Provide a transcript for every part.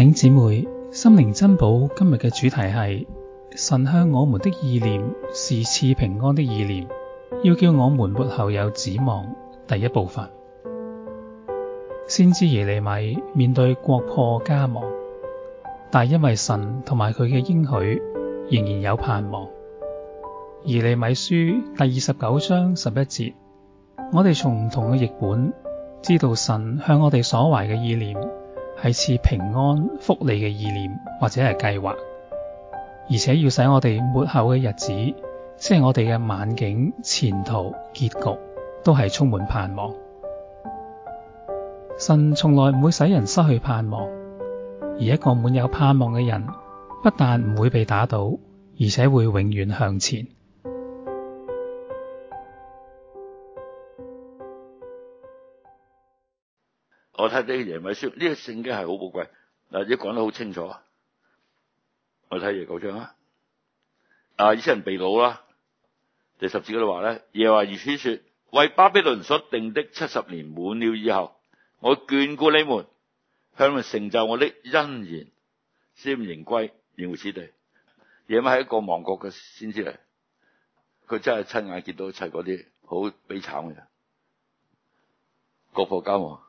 頂姊妹，心靈珍寶今日嘅主題係神向我們的意念是賜平安的意念，要叫我們末後有指望。第一部分，先知耶利米面對國破家亡，但因為神同埋佢嘅應許，仍然有盼望。耶利米書第二十九章十一節，我哋從唔同嘅譯本知道神向我哋所懷嘅意念。係賜平安、福利嘅意念或者係計劃，而且要使我哋末後嘅日子，即係我哋嘅晚景、前途、結局，都係充滿盼望。神從來唔會使人失去盼望，而一個滿有盼望嘅人，不但唔會被打倒，而且會永遠向前。我睇啲耶米書，呢、這個聖經係好寶貴，嗱，亦講得好清楚。我睇耶九章啊，啊，以色列人被擄啦。第十節嗰度話咧，耶和華如此說，為巴比倫所定的七十年滿了以後，我眷顧你們，向你們成就我的恩言，使你們歸回此地。耶米係一個亡國嘅先知嚟，佢真係親眼見到一切嗰啲好悲慘嘅，國破家亡。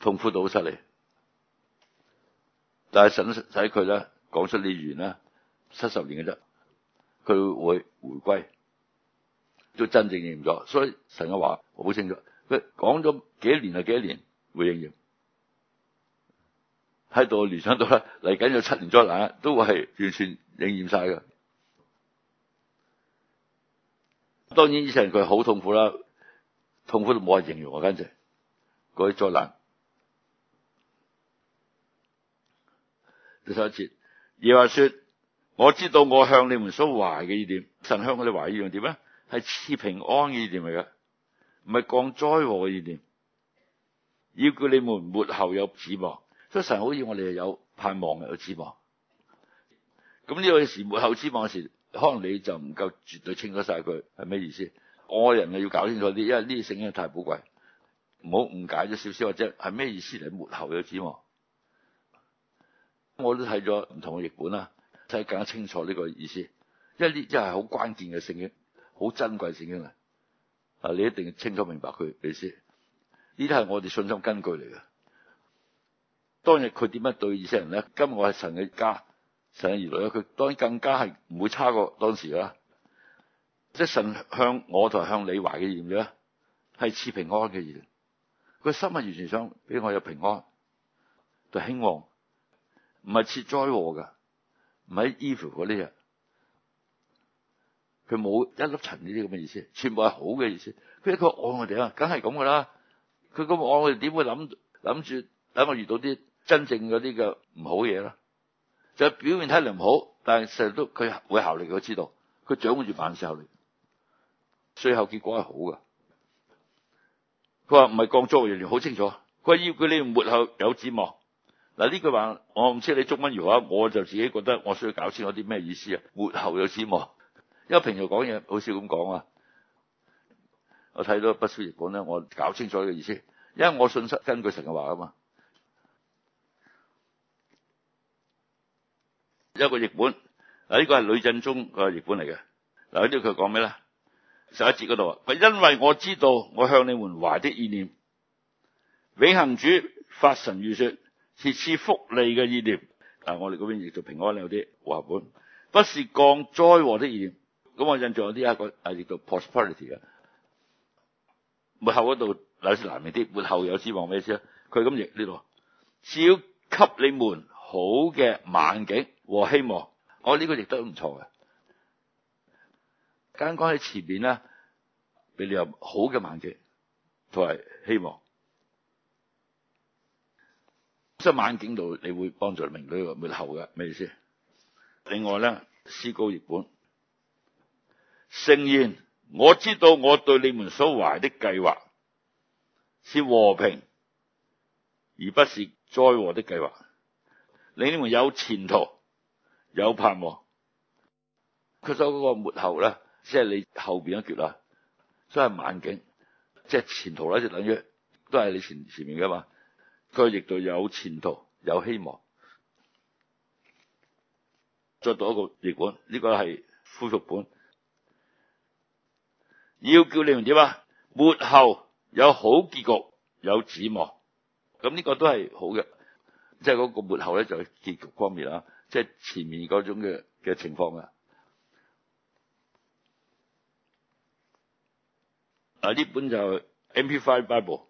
痛苦到好犀利，但係神使佢咧講出呢預言啦，七十年嘅啫，佢會回歸，都真正認咗。所以神嘅話，我好清楚，佢講咗幾年就幾多年，會應驗喺度聯想到呢，嚟緊有七年災難，都係完全應驗晒噶。當然以前佢好痛苦啦，痛苦到冇人形容啊！簡直啲災難。第十一節，耶和華說，說，我知道我向你們所懷嘅意念，神向我哋懷的意樣點咧？係賜平安嘅意念嚟嘅，唔係降災禍嘅意念，要叫你們末後有指望。所以神好意我哋又有盼望嘅有指望。咁、這、呢個時候末後指望嘅時候，可能你就唔夠絕對清楚晒佢係咩意思。我人啊要搞清楚啲，因為呢啲聖經太寶貴，唔好誤解咗少少或者係咩意思你末後有指望。我都睇咗唔同嘅譯本啦，使更加清楚呢個意思。因為呢一係好關鍵嘅聖經，好珍貴聖經嚟。啊，你一定要清楚明白佢意思。呢啲係我哋信心根據嚟嘅。當日佢點樣對以色列人咧？今日我係神嘅家，神嘅兒女咧，佢當然更加係唔會差過當時啦。即係神向我同向你懷嘅意念呢係賜平安嘅意念。佢心啊完全想俾我有平安就興旺。唔係切災禍噶，唔係 evil 嗰啲啊，佢冇一粒塵呢啲咁嘅意思，全部係好嘅意思。佢一佢愛我哋啊，梗係咁噶啦。佢咁愛我哋，點會諗諗住等我遇到啲真正嗰啲嘅唔好嘢啦，就表面睇嚟唔好，但係成日都佢會效力，我知道，佢掌握住萬事效力，最後結果係好噶。佢話唔係降災禍嘅，好清楚。佢話要佢呢末後有指望。嗱，呢句話我唔知你中文如何，我就自己覺得我需要搞清楚啲咩意思啊。末後有指望，因為平時講嘢好少咁講啊。我睇到不少譯本咧，我搞清楚呢個意思，因為我信失根據神嘅話啊嘛。一個譯本嗱，呢、這個係呂振中個譯本嚟嘅嗱，這個、他說什麼，呢度佢講咩咧？十一節嗰度啊，因為我知道我向你們懷的意念，永恆主發神諭說。賜福利嘅意念，但、啊、係我哋嗰邊亦做平安有啲護本不是降災禍的意念。咁我印象有啲啊，個啊亦做 prosperity 嘅，末後嗰度有啲難明啲，末後有指望咩意思啊？佢咁亦呢度，只要給你們好嘅晚景和希望。我、啊、呢、這個亦都唔錯嘅，間光喺前面啦，俾你有好嘅晚景同埋希望。即係晚景度，你會幫助明女末後嘅，咩意思？另外咧，思高譯本聖經，我知道我對你們所懷的計劃是和平，而不是災禍的計劃。你們有前途，有盼望。佢所嗰個末後咧，即係你後邊一橛啦，所以係晚景，即係前途咧，就等於都係你前前面噶嘛。佢亦都有前途，有希望。再到一個譯本，呢、這個係恢復本，要叫你們點啊？末後有好結局，有指望，咁、這、呢個都係好嘅，即、就、係、是、個末後咧就結局方面啦，即、就、係、是、前面那種嘅嘅情況啊。啊，呢本就 Amplified Bible。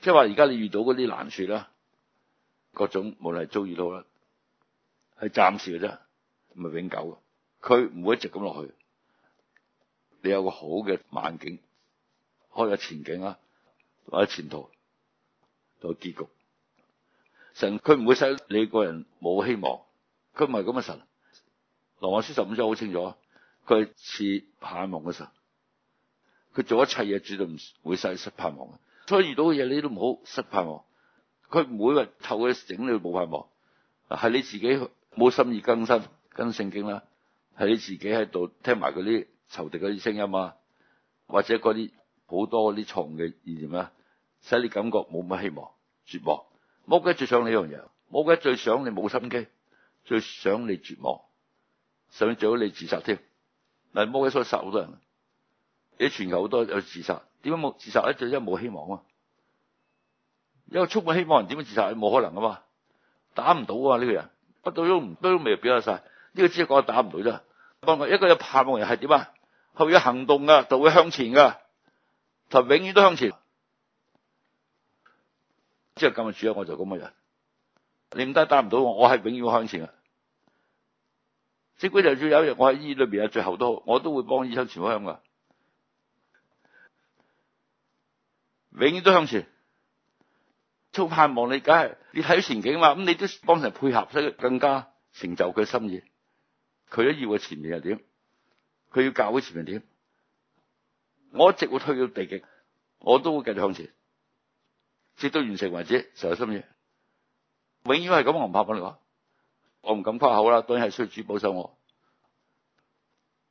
即係話而家你遇到嗰啲難處啦，各種無論係遭遇都好啦，係暫時嘅啫，唔係永久嘅。佢唔會一直咁落去。你有個好嘅晚景，開咗前景啊，或者前途，到結局。神佢唔會使你個人冇希望，佢唔係咁嘅神。羅馬書十五章好清楚，佢係賜盼望嘅神，佢做一切嘢，絕對唔會使失盼望。所以遇到嘅嘢你都唔好失盼望，佢唔會話透佢整你冇盼望，係你自己冇心意更新跟聖經啦，係你自己喺度聽埋嗰啲仇敵嗰啲聲音啊，或者嗰啲好多嗰啲蟲嘅意念啊，使你感覺冇乜希望、絕望。魔鬼最想呢樣嘢，魔鬼最想你冇心機，最想你絕望，甚至最好你自殺添。但係魔鬼所殺好多人。你全球好多有自殺，點解冇自殺咧？就因為冇希望啊！因為充滿希望人點樣自殺？係冇可能啊嘛，打唔到啊呢、這個人，不到都都未表達晒，呢、這個知覺，打唔到啦。不過一個有盼望人係點啊？係會有行動啊，就會向前噶，就永遠都向前。之後咁日住喺我就咁嘅人，你唔得打唔到我，我係永遠向前啊。即使就算有一日我喺醫院裏邊啊，最後都好，我都會幫醫生全部向噶。永遠都向前，做盼望你，梗係你睇前景嘛？咁你都幫人配合，所以更加成就佢心意。佢都要佢前面又點？佢要教會前面點？我一直會退到地極，我都會繼續向前，直到完成為止。成人心意，永遠係咁，我唔怕講你講，我唔敢誇口啦。當然係需要主保守我。